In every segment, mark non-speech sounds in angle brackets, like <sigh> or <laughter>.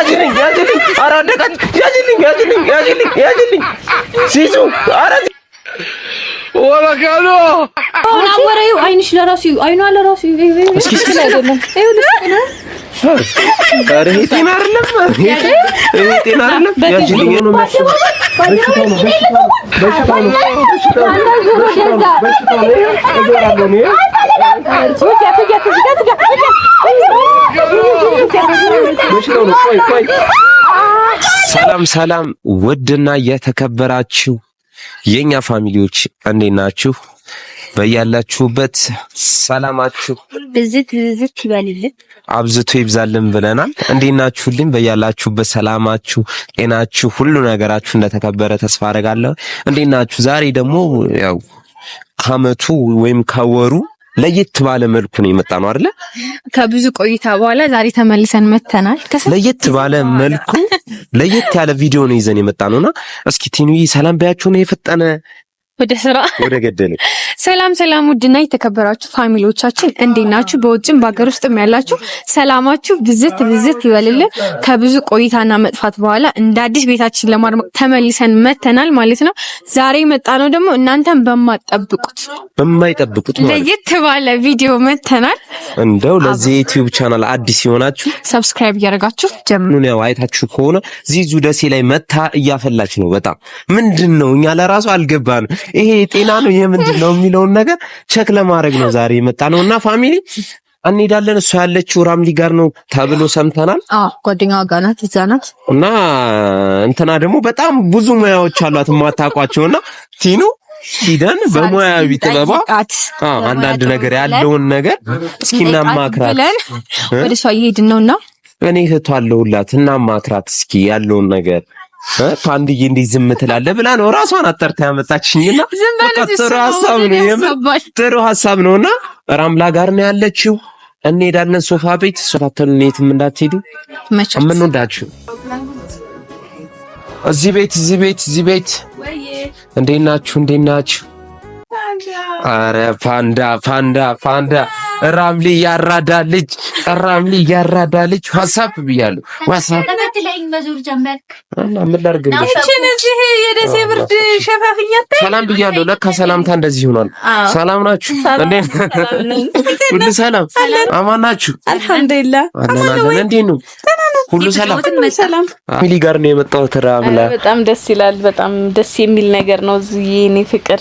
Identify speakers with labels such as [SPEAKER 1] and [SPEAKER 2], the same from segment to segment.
[SPEAKER 1] ያዝልኝ ያዝልኝ፣ ኧረ አደቃች ያዝልኝ ያዝልኝ ያዝልኝ ያዝልኝ። ሲሱ ኧረ ወበካሎ
[SPEAKER 2] አሁን አወራዩ አይንሽ ለራሱ አይኗ ለራሱ
[SPEAKER 1] እስኪ እስኪ አይደለም ይሁን ኧረ ጤና አይደለም፣ ሰላም ሰላም፣ ውድና የተከበራችሁ የኛ ፋሚሊዎች እንዴት ናችሁ? በያላችሁበት ሰላማችሁ
[SPEAKER 2] ብዝት ብዝት ይበልልን
[SPEAKER 1] አብዝቶ ይብዛልን ብለናል። እንዴት ናችሁልኝ? በያላችሁበት ሰላማችሁ፣ ጤናችሁ፣ ሁሉ ነገራችሁ እንደተከበረ ተስፋ አደርጋለሁ። እንዴት ናችሁ? ዛሬ ደግሞ ያው ከዓመቱ ወይም ከወሩ ለየት ባለ መልኩ ነው የመጣ ነው አይደለ?
[SPEAKER 2] ከብዙ ቆይታ በኋላ ዛሬ ተመልሰን መተናል።
[SPEAKER 1] ለየት ባለ መልኩ ለየት ያለ ቪዲዮ ነው ይዘን የመጣ ነውና እስኪ ቲኑዬ ሰላም ባያችሁ ነው የፈጠነ ወደ ስራ ወደ ገደለ።
[SPEAKER 2] ሰላም ሰላም! ውድና የተከበራችሁ ፋሚሊዎቻችን እንዴት ናችሁ? በውጭም በሀገር ውስጥም ያላችሁ ሰላማችሁ ብዝት ብዝት ይበልልን። ከብዙ ቆይታና መጥፋት በኋላ እንደ አዲስ ቤታችን ለማድመቅ ተመልሰን መተናል ማለት ነው። ዛሬ መጣ ነው ደግሞ እናንተን በማጠብቁት
[SPEAKER 1] በማይጠብቁት
[SPEAKER 2] ለየት ባለ ቪዲዮ መተናል።
[SPEAKER 1] እንደው ለዚህ ዩቲዩብ ቻናል አዲስ የሆናችሁ
[SPEAKER 2] ሰብስክራይብ እያደረጋችሁ
[SPEAKER 1] ጀምሩ። ያው አይታችሁ ከሆነ ዚዙ ደሴ ላይ መታ እያፈላች ነው። በጣም ምንድን ነው እኛ ለራሱ አልገባንም። ይሄ ጤና ነው ይሄ ምንድን ነው የሚለውን ነገር ቸክ ለማድረግ ነው ዛሬ የመጣ ነው እና ፋሚሊ እንሄዳለን። እሷ ያለችው ራምሊ ጋር ነው ተብሎ ሰምተናል።
[SPEAKER 2] ጓደኛዋ ጋር ናት፣ እዛ ናት።
[SPEAKER 1] እና እንትና ደግሞ በጣም ብዙ ሙያዎች አሏት የማታውቋቸው እና ቲኑ ሂደን በሙያዊ ጥበቧ አንዳንድ ነገር ያለውን ነገር እስኪናማክራለን
[SPEAKER 2] ወደ እሷ እየሄድን እና
[SPEAKER 1] እኔ እህቷ አለሁላት እናማክራት እስኪ ያለውን ነገር ፋንድዬ እንዴት ዝም ትላለህ ብላ ነው ራሷን አጠርታ ያመጣችኝና ጥሩ ሀሳብ ነው። ጥሩ ሀሳብ ነውና ራምላ ጋር ነው ያለችው። እንሄዳለን ሶፋ ቤት ሶፋተሉ የትም እንዳትሄዱ የምንወዳችሁ እዚህ ቤት እዚህ ቤት እዚህ ቤት እንዴት ናችሁ? እንዴት ናችሁ? አረ ፋንዳ ፋንዳ ፋንዳ ራምሊ ያራዳ ልጅ ራምሊ ያራዳ ልጅ ዋትሳፕ ብያለሁ። ዋትሳፕ እና ምን ላድርግ
[SPEAKER 2] እዚህ የደሴ ብርድ ሸፋፍኛት
[SPEAKER 1] ሰላም ብያለሁ። ለካ ሰላምታ እንደዚህ ይሆናል። ሰላም ናችሁ ሁሉ ሰላም አማን ናችሁ?
[SPEAKER 2] አልሐምዱሊላህ
[SPEAKER 1] ነው ሁሉ ሰላም ሚሊ ጋር ነው የመጣሁት። ራምላ
[SPEAKER 2] በጣም ደስ ይላል። በጣም ደስ የሚል ነገር ነው። እዚህ የኔ ፍቅር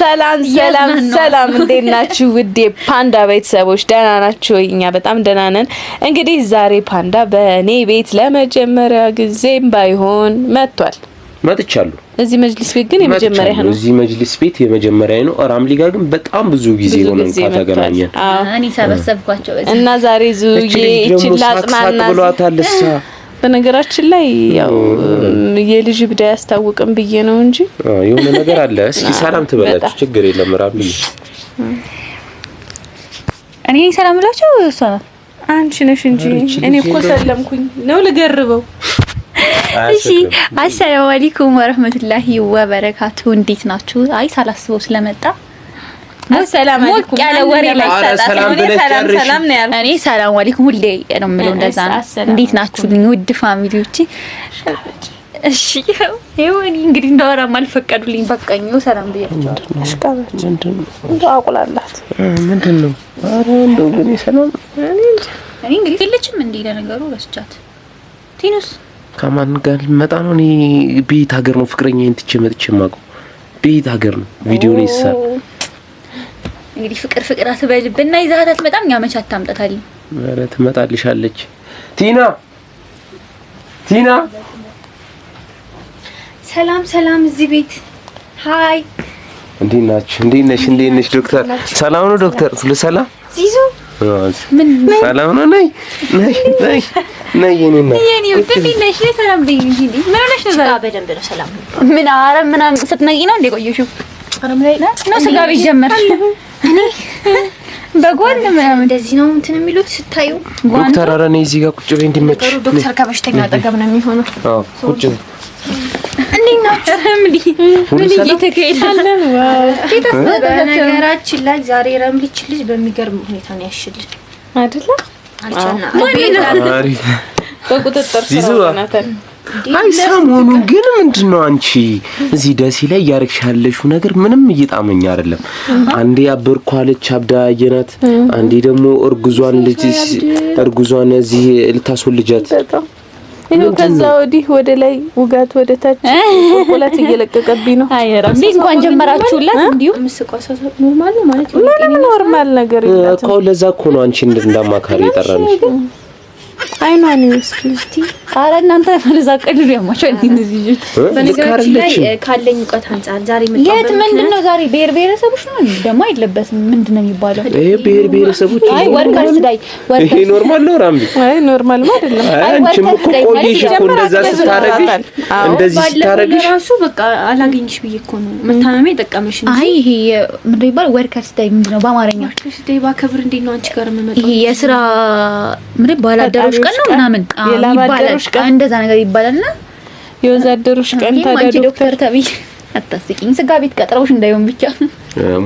[SPEAKER 2] ሰላም ሰላም ሰላም፣ እንዴት ናችሁ ውዴ ፓንዳ ቤተሰቦች? ደህና ናችሁ? እኛ በጣም ደህና ነን። እንግዲህ ዛሬ ፓንዳ በእኔ ቤት ለመጀመሪያ ጊዜም ባይሆን መጥቷል። መጥቻለሁ። እዚህ መጅልስ ቤት ግን የመጀመሪያ ነው።
[SPEAKER 1] እዚህ መጅልስ ቤት የመጀመሪያ ነው። ራምሊ ጋር ግን በጣም ብዙ ጊዜ ሆነ ተገናኘን።
[SPEAKER 2] እኔ ሰበሰብኳቸው እና ዛሬ ዙዬ ይችላል
[SPEAKER 1] አጽናና ብሏታል እሷ
[SPEAKER 2] በነገራችን ላይ ያው የልጅ ብዳ ያስታውቅም ብዬ ነው እንጂ
[SPEAKER 1] የሆነ ነገር አለ። እስኪ ሰላም ትበላችሁ፣ ችግር የለም ራብ
[SPEAKER 2] እኔ ሰላም ብላችሁ እሷ ናት አንቺ ነሽ እንጂ እኔ እኮ ሰለምኩኝ ነው ልገርበው። እሺ አሰላሙ አለይኩም ወረህመቱላሂ ወበረካቱ። እንዴት ናችሁ? አይ ሳላስበው ስለመጣ ሰላም እኔ። ሰላም አለይኩም ሁሌ ነው የምለው፣ እንደዛ ነው። እንዴት ናችሁልኝ ውድ ፋሚሊዎቼ? እሺ ይኸው እንግዲህ እንዳወራም አልፈቀዱልኝ። በቃኝ፣ ሰላም ብያቸዋለሁ።
[SPEAKER 1] ምንድን ነው? ኧረ እንደው ግን ሰላም
[SPEAKER 2] እኔ እንግዲህ የለችም እንዴ ለነገሩ ረስቻት። ቲኑስ
[SPEAKER 1] ከማን ጋር ልመጣ ነው? እኔ ቤት ሀገር ነው ፍቅረኛዬን ትቼ መጥቼ የማውቀው ቤት ሀገር ነው ቪዲዮ ነው ይሰራል
[SPEAKER 2] እንግዲህ ፍቅር ፍቅር አትበልብና ይዛት አትመጣም። መቻት ታምጣታል።
[SPEAKER 1] ኧረ ትመጣልሻለች። ቲና ቲና፣
[SPEAKER 2] ሰላም ሰላም፣ እዚህ ቤት ሃይ፣
[SPEAKER 1] እንዴት ናችሁ? እንዴት ነሽ? እንዴት ነሽ? ዶክተር ሰላም ነው? ዶክተር ሁሉ ሰላም?
[SPEAKER 2] ዚዙ ምን
[SPEAKER 1] ሰላም ነው? ነይ ነይ ነይ ነይ፣ የኔ ነው
[SPEAKER 2] የኔ ነው። እንዴት ነሽ? ሰላም ነኝ እንጂ ምን ሆነሽ ነው? ዛሬ በደንብ ነው ሰላም። ምን አረ ምናምን ስትነቂ ነው እንደ ቆየሽው? አረ ምን ነው ስጋ ቤት ጀመርሽ? እኔ በጓን ምናምን እንደዚህ ነው እንትን የሚሉት ስታዩ።
[SPEAKER 1] ዶክተር ኧረ እኔ እዚህ ጋር ቁጭ ብዬ እንዲመች
[SPEAKER 2] ዶክተር ከበሽተኛ አጠገብ ነው የሚሆነው።
[SPEAKER 1] አዎ ቁጭ ብዬ
[SPEAKER 2] እንዴት ምን እየተካሄደ <laughs> በነገራችን ላይ ዛሬ ረምሊች ልጅ በሚገርም ሁኔታ ነው ያሽልን አይደለ? አልቻና በቁጥጥር
[SPEAKER 1] ስራ ሆናታል። አይ ሰሞኑ ግን ምንድን ነው አንቺ እዚህ ደሴ ላይ እያደረግሽ ያለሽው ነገር ምንም እየጣመኝ አይደለም። አንዴ አበርኳለች አብዳ የናት፣ አንዴ ደግሞ እርጉዟን ልጅ እርጉዟን እዚህ ልታስወልጃት
[SPEAKER 2] ይሄው ከዛ ወዲህ ወደ ላይ ውጋት ወደ ታች ቁልቁለት እየለቀቀብኝ ነው። አይ ራስ እንኳን ጀመራችሁላት። ምስቆሳሳት ኖርማል ማለት ነው ኖርማል ነገር
[SPEAKER 1] እኮ ለዛ እኮ ነው አንቺ እንድንዳማካሪ የጠራንሽ
[SPEAKER 2] አይኗን እስኪ አረ እናንተ ፈለዛ ቀልሉ ያማቸው እንዴ እንደዚህ ልጅ በነገራችን ላይ ካለኝ እውቀት አንጻር ዛሬ መጣሁ። የት ምንድን ነው ዛሬ ብሔር ብሔረሰቦች ነው ደግሞ አይለበስም። ምንድን ነው የሚባለው?
[SPEAKER 1] ይሄ ብሔር ብሔረሰቦች
[SPEAKER 2] አይ ወርከር ስዳይ
[SPEAKER 1] ወርከር ይሄ ኖርማል ነው ራምቢ
[SPEAKER 2] አይ ኖርማል አይደለም።
[SPEAKER 1] አይ አንቺም እኮ ቆየሽ እኮ እንደዛ ስታረግሽ እንደዚህ ስታረግሽ
[SPEAKER 2] ራሱ በቃ አላገኝሽ ብዬ እኮ ነው መታመሜ የጠቀመሽ እንጂ አይ ይሄ ምንድን ነው የሚባለው? ወርከር ስዳይ ምንድን ነው በአማርኛ? ወርከር ስዳይ ባከብር እንዴት ነው አንቺ ጋር የምመጣው? ይሄ የስራ ምንድን ባላደረ የወዛደሮች ቀን ነው ምናምን ይባላል፣ እንደዛ ነገር ይባላልና የወዛደሮች ቀን ታዲያ ዶክተር ተብዬ አታስቂኝ። ስጋ ቤት ቀጥረውሽ እንዳይሆን ብቻ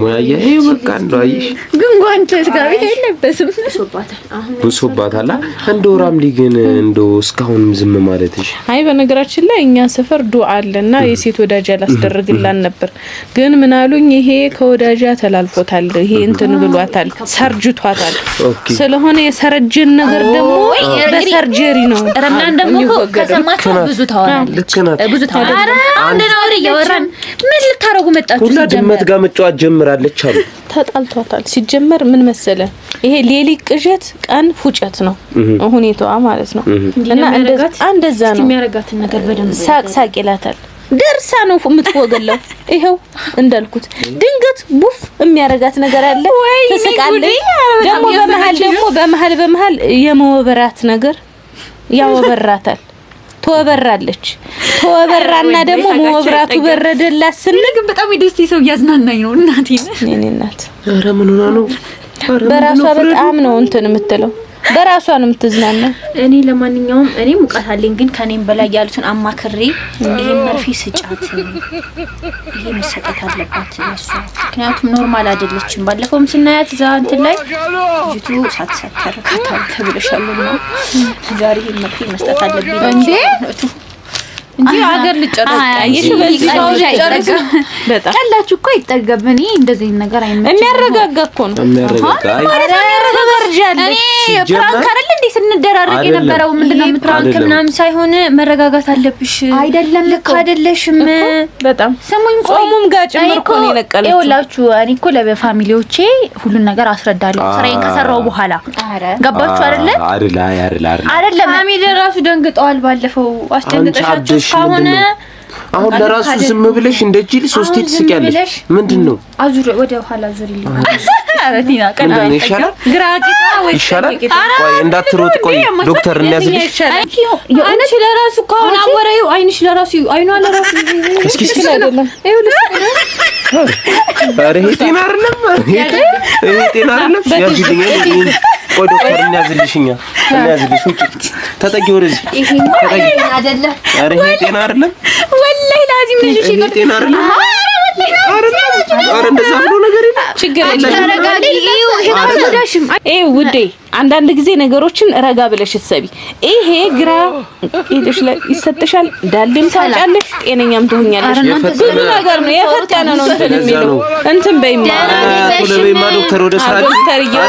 [SPEAKER 1] ሙያዬ ይሄ በቃ እንደው አየሽ፣
[SPEAKER 2] ግን ጓንተስ ጋር የለበስም
[SPEAKER 1] ብሶባታል። እንደው ራምሊ ግን እንደው እስካሁንም ዝም ማለትሽ።
[SPEAKER 2] አይ በነገራችን ላይ እኛ ሰፈር ዱዓ አለና የሴት ወዳጅ ያላስደረግላን ነበር። ግን ምን አሉኝ፣ ይሄ ከወዳጃ ተላልፎታል፣ ይሄ እንትን ብሏታል፣ ሰርጅቷታል። ስለሆነ የሰረጀን ነገር ደግሞ በሰርጀሪ ነው። ረምላን ደግሞ ከሰማችሁ ብዙ ታወራለች፣ ብዙ ታወራለች። አንድ ነው እያወራን ምን ልታረጉ መጣችሁ?
[SPEAKER 1] ሁላ ድመት ጋር መጫወት ጀምራለች አሉ።
[SPEAKER 2] ተጣልቷታል። ሲጀመር ምን መሰለ ይሄ ሌሊ ቅዠት፣ ቀን ፉጨት ነው ሁኔታዋ ማለት ነው። እና እንደዛ ነው ሳቅ ሳቅ ይላታል። ደርሳ ነው የምትወገለው። ይኸው እንዳልኩት ድንገት ቡፍ የሚያረጋት ነገር አለ። ትስቃለች። ደግሞ በመሀል ደግሞ በመሀል በመሀል የመወበራት ነገር ያወበራታል ትወበራለች። ትወበራና ደግሞ መብራቱ በረደላት ስንል ግን በጣም ደስ ሰው እያዝናናኝ ነው እናቴ ነ ኔ
[SPEAKER 1] ኧረ ምን ሆና ነው
[SPEAKER 2] በራሷ በጣም ነው እንትን የምትለው በራሷ ነው የምትዝናናው። እኔ ለማንኛውም እኔ ሙቀት አለኝ፣ ግን ከኔም በላይ ያሉትን አማክሬ ይሄ መርፌ ስጫት፣ ይሄ መሰጠት አለባት እሱ። ምክንያቱም ኖርማል አይደለችም። ባለፈውም ስናያት እዛ እንትን ላይ ልጅቱ ሳትሰተር ካታል ተብለሻሉ ነው። ዛሬ ይሄ መርፌ መስጠት አለብኝ እንዴ እንጂ ሀገር ልጨረቃላችሁ እኮ ይጠገብ። እኔ እንደዚህ ነገር አይመቸኝም። የሚያረጋጋ እኮ ነው። እንዴ ስንደራረቅ የነበረው ምንድነው? ፕራንክ ምናምን ሳይሆን መረጋጋት አለብሽ። አይደለም ልክ አይደለሽም። በጣም ሰሙኝ። ቆሙም ጋር ጭምር እኮ ነው የነቀለችው። ይኸውላችሁ እኔ እኮ ለፋሚሊዎቼ ሁሉን ነገር አስረዳለሁ ስራዬን ከሰራው በኋላ። ገባችሁ አይደለ?
[SPEAKER 1] አይደለ አይደለ
[SPEAKER 2] አይደለ። ፋሚሊ ራሱ ደንግጠዋል። ባለፈው
[SPEAKER 1] አስደንግጠሻቸው ካሁን አሁን ለራሱ ዝም ብለሽ እንደ ጅል ሶስት ትስቂያለሽ። ምንድን ነው
[SPEAKER 2] አዙሪ፣ ወደ ኋላ አዙሪ
[SPEAKER 1] እንዳትሮጥ ቆይ ዶክተር እናያዝልሽ።
[SPEAKER 2] አንቺ ለራሱ ከሆነ አወራዩ አይንሽ ለራሱ አይኗ ለራሱ እስኪ እስኪ አይደለም
[SPEAKER 1] ጤና አይደለም ጤና አይደለም ቆይ ዶክተር እናያዝልሽኛ እናያዝልሽ ውጭ ተጠጊ ወደዚህ ተጠጊ ጤና አይደለም
[SPEAKER 2] ወላሂ ላዚም
[SPEAKER 1] ልጅሽ ጤና አይደለም
[SPEAKER 2] ውዴ አንዳንድ ጊዜ ነገሮችን ረጋ ብለሽ እሰቢ። ይሄ ግራ ይሰጥሻል፣ ዳሌም ታጫለሽ፣ ጤነኛም ትሆኛለሽ። ብዙ ነገር ነው የፈጠነ ነው እንትን የሚለው እንትን በይማ ዶክተር ወደ ስራ ዶክተር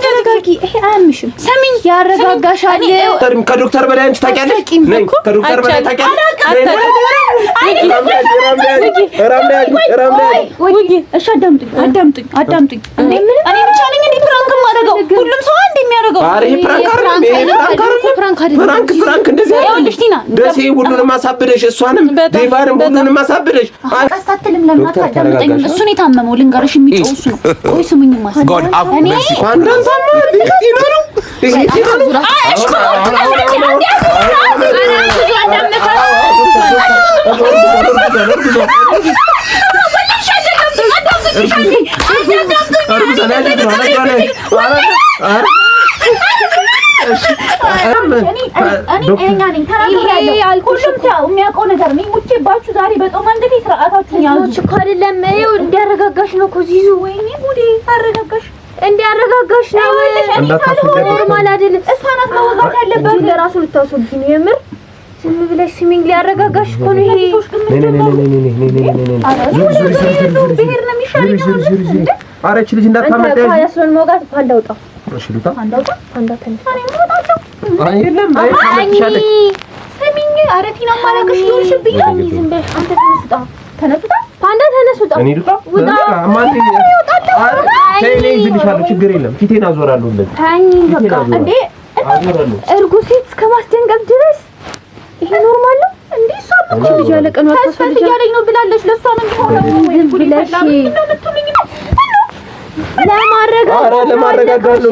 [SPEAKER 2] ይሄ አያምሽም። ሰሚኝ፣ ያረጋጋሻል።
[SPEAKER 1] ከዶክተር በላይ አንቺ ታውቂያለሽ። ከዶክተር በላይ ታውቂያለሽ።
[SPEAKER 2] የሚያደርገው ሁሉም ሰው አንድ የሚያደርገው
[SPEAKER 1] ኧረ ይሄ ፕራንክ አይደለም።
[SPEAKER 2] ይሄ ፕራንክ አይደለም።
[SPEAKER 1] ፕራንክ ፕራንክ እንደዚህ
[SPEAKER 2] አይደለም።
[SPEAKER 1] ደሴ ሁሉንም አሳብደሽ እሷንም ዴቫንም ሁሉንም አሳብደሽ
[SPEAKER 2] አቃስታትልም። ለምን አታዳምጠኝ? እሱን የታመመው ልንገርሽ የሚጮው እሱ ቆይ ስሙኝ
[SPEAKER 1] ማስገድ እኔ አንዳንድ ታማ ይሄ ነው ይሄ
[SPEAKER 2] ነው አሽኮ አንዳንድ ሁሉም ሰው እንዲያረጋጋሽ ነው። ኖርማል አይደለም። እሷ ናት መወጋት ያለበት ለራሱ ልታስወግኝ የምር ዝም ብለሽ ስሚኝ፣ ሊያረጋጋሽ እኮ ነው ልጅ እንዳታመጣ
[SPEAKER 1] ችግር የለም ፊቴን አዞራለሁ።
[SPEAKER 2] እንደዚህ ሴት እስከ ማስደንገጥ ድረስ ይሄ ኖርማል ነው እንዴ? እሷ እኮ ልጅ ያለቀኑ አትፈስ እያለኝ ነው ብላለች። ለእሷ ነው የሚሆነው ወይ ብለሽ
[SPEAKER 1] ለማረጋጋት ነው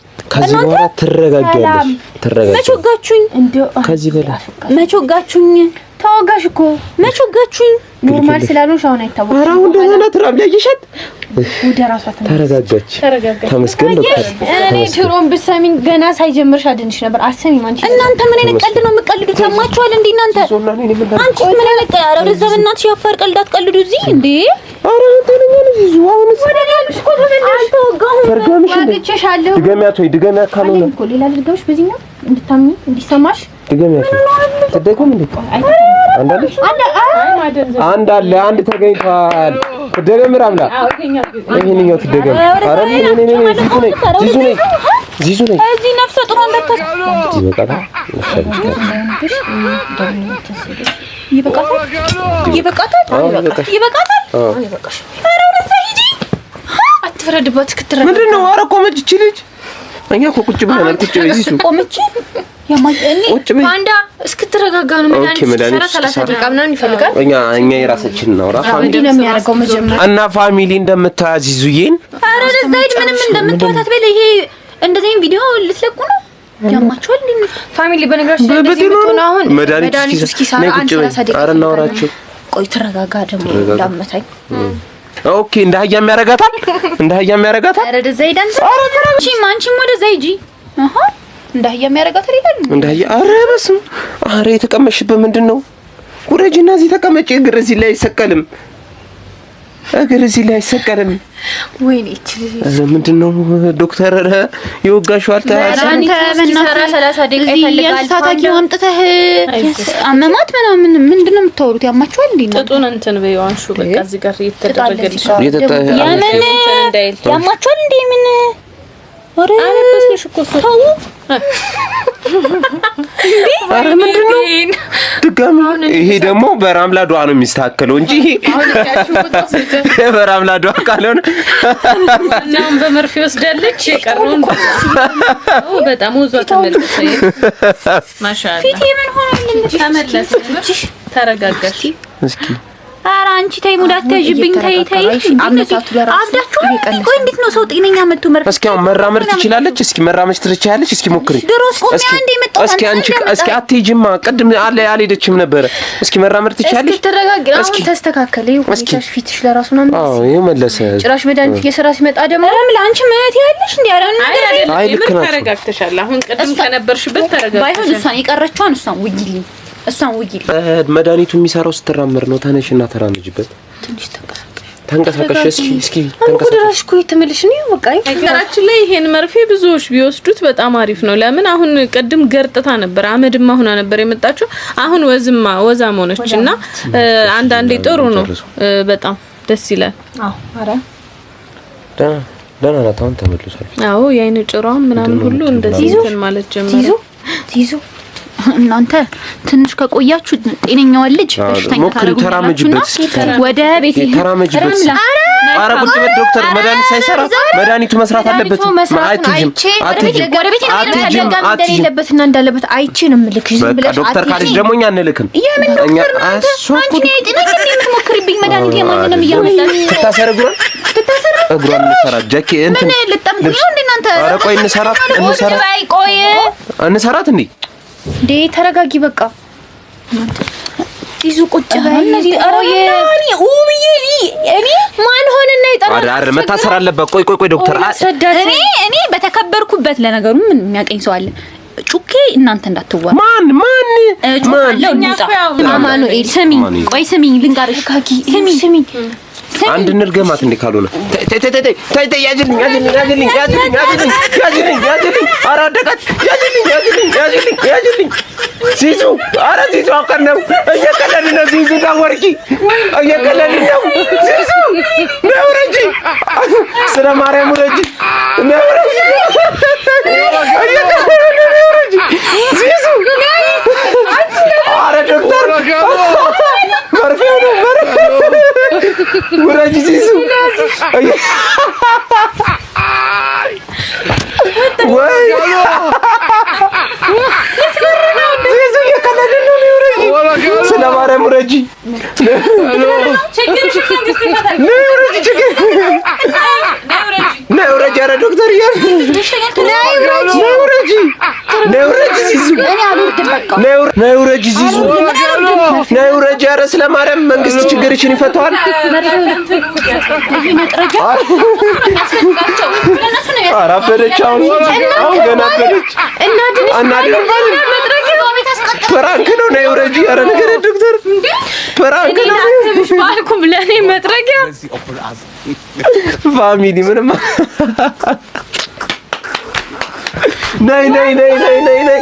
[SPEAKER 1] ከዚህ በኋላ ትረጋጋለሽ፣ ትረጋጋለሽ። መች ወጋችሁኝ? ከዚህ በኋላ
[SPEAKER 2] መቾጋችሁኝ? ወጋችሁኝ? ተወጋሽ እኮ መች ኖርማል ስላልሆንሽ አሁን
[SPEAKER 1] አይታወቅም። ኧረ አሁን ደህና ናት። ራብ ሊያየሻት ወደ ራሷ ተረጋጋች። ተመስገን ነው።
[SPEAKER 2] እኔ ድሮም ብትሰሚኝ ገና ሳይጀምርሽ አድንሽ ነበር። አትሰሚም አንቺ። እናንተ ምን አይነት ቀልድ ነው የምትቀልዱት? ሰማችኋል እንዴ እናንተ? አንቺ ምን አይነት ቀልድ? ኧረ ወደዛ በእናትሽ ያፋር ቀልድ አትቀልዱ እዚህ እንዴ
[SPEAKER 1] ድገሚያት ወይ ድገሚያት
[SPEAKER 2] ካልሆነ ሌላ ድርገምሽ በዚህ እንድታምኚ እንዲሰማሽ
[SPEAKER 1] ድገሚያት ትደግም እንዴ አንድ ተገኝቷል ትደገምር አምላክ ይሄንኛው ትደገም ኧረ ዚዙ ነኝ ዚዙ ነኝ ዚዙ ነኝ
[SPEAKER 2] እዚህ ነፍሰ ጥሩ አንበታ ይበቃታል ይበቃታል፣ ይበቃታል፣ ይበቃታል። አትፍረድባት።
[SPEAKER 1] ምንድን ነው? ኧረ ቆመች ይቺ ልጅ። እኛ እኮ ቁጭ ብለናል። ቁጭ
[SPEAKER 2] እስክትረጋጋ ነው። ሰላሳ ደቂቃ
[SPEAKER 1] ይፈልጋል። የራሳችን ነው
[SPEAKER 2] መጀመሪያ
[SPEAKER 1] እና ፋሚሊ እንደምታያዝ ይዙዬን።
[SPEAKER 2] ምንም እንደምትወታት በል። ይሄ እንደዚህ ቪዲዮ ልትለቁ ነው ያማቸዋል። ፋሚሊ በነገራችን ላይ መድኃኒቱ ቆይ ደግሞ እንዳመታኝ
[SPEAKER 1] ኦኬ። እንደ አህያም ያረጋታል፣ እንደ አህያም ያረጋታል። እንደ አህያ። የተቀመጥሽበት ምንድን ነው? እዚህ እግር እዚህ ላይ አይሰቀልም። እግር እዚህ ላይ አይሰቀልም። ወይኔ እቺ ምንድን ነው ዶክተር የወጋሽው
[SPEAKER 2] አምጥተህ አመማት ምናምን ምንድን ነው የምታወሩት? ያማችኋል እንዴ? ጥጡን እንትን በይው በቃ እዚህ ጋር እየተደረገልሽ
[SPEAKER 1] ያማችኋል
[SPEAKER 2] እንዴ? ምን አለበስሽ እኮ ተው።
[SPEAKER 1] ኧረ ምንድን ነው ድጋሚ? ይሄ ደግሞ በራምላ ዱዓ ነው የሚስተካከለው እንጂ በራምላ ዱዓ ካልሆነ
[SPEAKER 2] እናም በመርፌ ወስዳለች። ተረጋጋሽ እስኪ ኧረ አንቺ ተይ ሙድ አትያዥብኝ። ተይ ተይ፣ አብዳችሁ ቆይ። እንዴት ነው ሰው ጤነኛ መጥቶ
[SPEAKER 1] መር እስኪ አሁን መራመድ ትችላለች? እስኪ መራመድ ትችላለች? እስኪ ሞክሪ። እስኪ አንቺ እስኪ አትሄጂማ። ቅድም አለ አልሄደችም ነበረ። እስኪ መራመድ ትችላለች?
[SPEAKER 2] እስኪ ተረጋጊ። አሁን ተስተካከለ። ይኸው ፊትሽ ለራሱ
[SPEAKER 1] ነው መለሰ።
[SPEAKER 2] ጭራሽ መድኃኒት እየሰራ ሲመጣ ደግሞ አንቺ መት ያለሽ እንዴ? ኧረ አይ ልክ ናት። ተረጋግተሻል። አሁን ቅድም ከነበርሽበት ተረጋግተሻል። ባይሆን እሷን የቀረችዋን እሷን ውይልኝ እሷን ውይ
[SPEAKER 1] መድኃኒቱ የሚሰራው ስትራመር ነው። ተነሽ እና ተራመጅበት። ትንሽ ተንቀሳቀሽ እስኪ
[SPEAKER 2] እስኪ ነው በቃ። ነገራችን ላይ ይሄን መርፌ ብዙዎች ቢወስዱት በጣም አሪፍ ነው። ለምን አሁን ቅድም ገርጥታ ነበር፣ አመድማ ሁና ነበር የመጣችው። አሁን ወዝማ ወዛም ሆነች እና አንዳንዴ ጥሩ ነው። በጣም ደስ ይላል። አዎ ኧረ
[SPEAKER 1] ደህና ናት። አሁን ተመልሷል።
[SPEAKER 2] አዎ የአይኑ ጭሯም ምናምን ሁሉ እንደዚህ ማለት ጀመረ። ይዞ ይዞ እናንተ ትንሽ ከቆያችሁ ጤነኛዋን ልጅ በሽተኛ ወደ ቤት
[SPEAKER 1] ተራመጅበት። ኧረ ቁጭ በል ዶክተር፣ መድኃኒት ሳይሰራ መድኃኒቱ መስራት አለበት።
[SPEAKER 2] እንደሌለበትና እንዳለበት አይቼ ነው የምልክሽ።
[SPEAKER 1] ዝም ብለሽ ዶክተር ካልሽ ደግሞ እኛ አንልክም።
[SPEAKER 2] የምትሞክሪብኝ መድኃኒት የማንንም እያመጣሽ
[SPEAKER 1] ትታሰርጉራል እግሯን እንሰራ ጃኬ
[SPEAKER 2] ኧረ
[SPEAKER 1] ቆይ እንሰራት እንሰራት እንዴ
[SPEAKER 2] እንዴ ተረጋጊ። በቃ ይዙ ቁጭ በይ። ማን ሆነና
[SPEAKER 1] ይጠራል? መታሰር አለበት። ቆይ ቆይ ቆይ ዶክተር፣
[SPEAKER 2] እኔ እኔ በተከበርኩበት ለነገሩ ምን የሚያቀኝ ሰው አለ? ጩኬ እናንተ እንዳትዋል።
[SPEAKER 1] ማን ማን
[SPEAKER 2] ማን አማኑኤል፣ ስሚኝ፣ ቆይ ስሚኝ ስሚኝ
[SPEAKER 1] አንድ እንርገማት እንዴ ካልሆነ ሲሱ ኧረ ነው ውረጅ ዚሱ ማርያም መንግስት ችግርሽን ይፈታዋል። አራፈደች። አሁን ገና ፕራንክ ነው። ነይ ውረጂ። ኧረ ነገር ዶክተር ፕራንክ ነው
[SPEAKER 2] ባልኩም መጥረጊያ
[SPEAKER 1] ፋሚሊ ምንም ነይ ነይ ነይ ነይ ነይ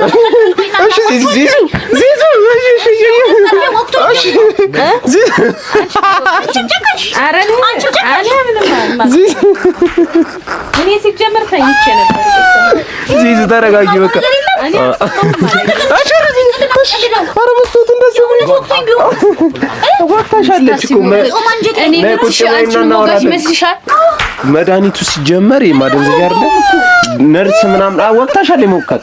[SPEAKER 2] ዚዙ ተረጋጊ፣ በቃ መድኃኒቱ ሲጀመር የማደንዘዣ አይደለም ነርስ ምናምን ወቅታሻል የመውቃት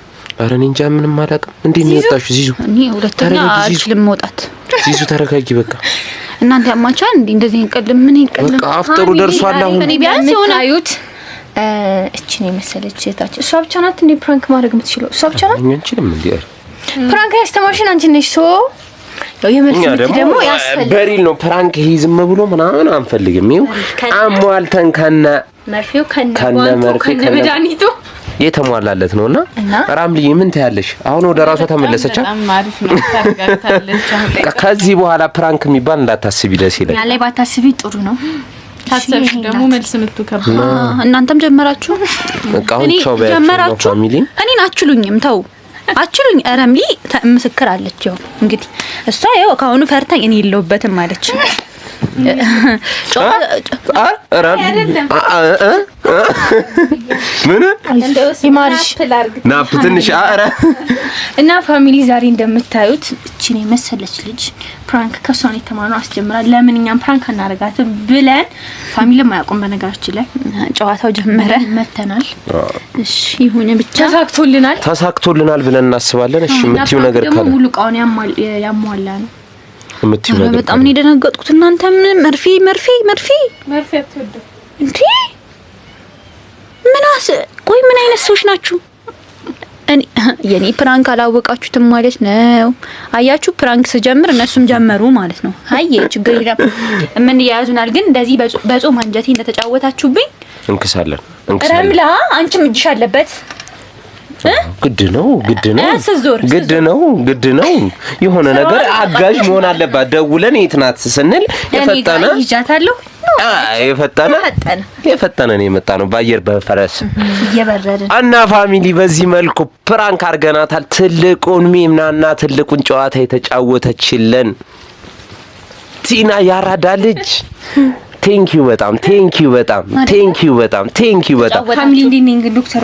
[SPEAKER 2] ኧረ እኔ እንጃ ምንም አላውቅም። እንዴት ነው የወጣሽው? ዚዙ እኔ ሁለተኛ አልችልም መውጣት። ዚዙ ተረጋጊ፣ በቃ <laughs> እናንተ ያማችኋል። እንዴ እንደዚህ እንቀልም ምን እንቀልም? በቃ አፍጠሩ ደርሷል። አሁን እኔ ቢያንስ ሆነ አዩት እቺ ነው የመሰለች እህታችን። እሷ ብቻ ናት እንዴ ፕራንክ ማድረግ የምትችለው? እሷ ብቻ ናት። እኛ አንችልም እንዴ ፕራንክ ያስተማርሽን አንቺ ነሽ። ሶ ያው የመልስ ምት ያስፈልግ በሪል ነው ፕራንክ። ይሄ ዝም ብሎ ምናምን አንፈልግም። ይኸው አሟል ተንካና መርፌው ከነ መድኃኒቱ የተሟላለት ነውና ራምልዬ ምን ታያለሽ? አሁን ወደ ራሷ ተመለሰች። ከዚህ በኋላ ፕራንክ የሚባል እንዳታስቢ ደስ ይለኝ። ያለ ባታስቢ ጥሩ ነው። ታሰብሽ ደግሞ መልስ ምቱ እናንተም ጀመራችሁ እቃውን ቻው ጀመራችሁ። እኔን አችሉኝም ተው አችሉኝ ረምሊ ምስክር አለች። ያው እንግዲህ እሷ ያው ከአሁኑ ፈርታኝ እኔ የለሁበትም አለች። <laughs> ምን ትንሽ አረ እና ፋሚሊ ዛሬ እንደምታዩት እችን የመሰለች ልጅ ፕራንክ ከሷን የተማነው አስጀምራል። ለምን እኛም ፕራንክ አናረጋትም ብለን ፋሚሊ አያውቁም። በነገራችን ላይ ጨዋታው ጀመረ መተናል። እሺ ይሁን ብቻ ተሳክቶልናል፣ ተሳክቶልናል ብለን እናስባለን። እሺ የምትዩ ነገር ካለ ሙሉ እቃውን ያሟላ ነው የምትይው ነገር በጣም ነው የደነገጥኩት። እናንተ ምን መርፌ መርፌ መርፌ መርፌ አትወደው እንዴ? ምናስ ቆይ ምን አይነት ሰዎች ናችሁ? እኔ <laughs> የኔ ፕራንክ አላወቃችሁትም ማለት ነው። አያችሁ ፕራንክ ስጀምር እነሱም ጀመሩ ማለት ነው። አይ ችግር የለም ምን ያያዙናል። ግን እንደዚህ በጾም አንጀቴ እንደተጫወታችሁብኝ እንክሳለን። እንክሳለን ረምላ አንቺም እጅሽ አለበት ግድ ነው ግድ ነው ግድ ነው ግድ ነው። የሆነ ነገር አጋዥ መሆን አለባት። ደውለን የት ናት ስንል የፈጠነ ይጃታለሁ የፈጠነ የፈጠነ ነው የመጣ ነው በአየር በፈረስ እና ፋሚሊ በዚህ መልኩ ፕራንክ አድርገናታል። ትልቁን ሚምናና ትልቁን ጨዋታ የተጫወተችልን ቲና ያራዳ ልጅ ቴንኪዩ በጣም ቴንኪዩ በጣም ቴንኪዩ በጣም ቴንኪዩ በጣም ፋሚሊ ዶክተር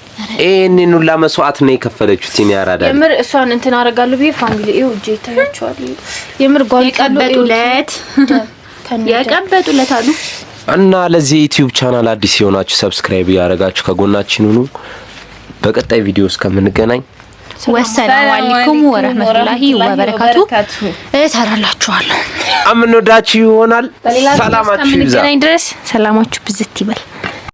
[SPEAKER 2] ይሄንን ሁላ መስዋዕት ነው የከፈለችው። ቲኒ ያራዳ የምር እሷን እንትን አደርጋለሁ ብዬ ፋሚሊ ይው እጄ ይታያቸዋል። የምር ጓል የቀበጡለት የቀበጡለት አሉ እና ለዚህ ዩቲዩብ ቻናል አዲስ የሆናችሁ ሰብስክራይብ ያደረጋችሁ ከጎናችን ሁኑ። በቀጣይ ቪዲዮ እስከምንገናኝ ወሰላሙ አለይኩም ወረህመቱላሂ ወበረካቱ። እሰራላችኋለሁ። አምንወዳችሁ ይሆናል። ሰላማችሁ ይብዛ። ድረስ ሰላማችሁ ብዝት ይበል።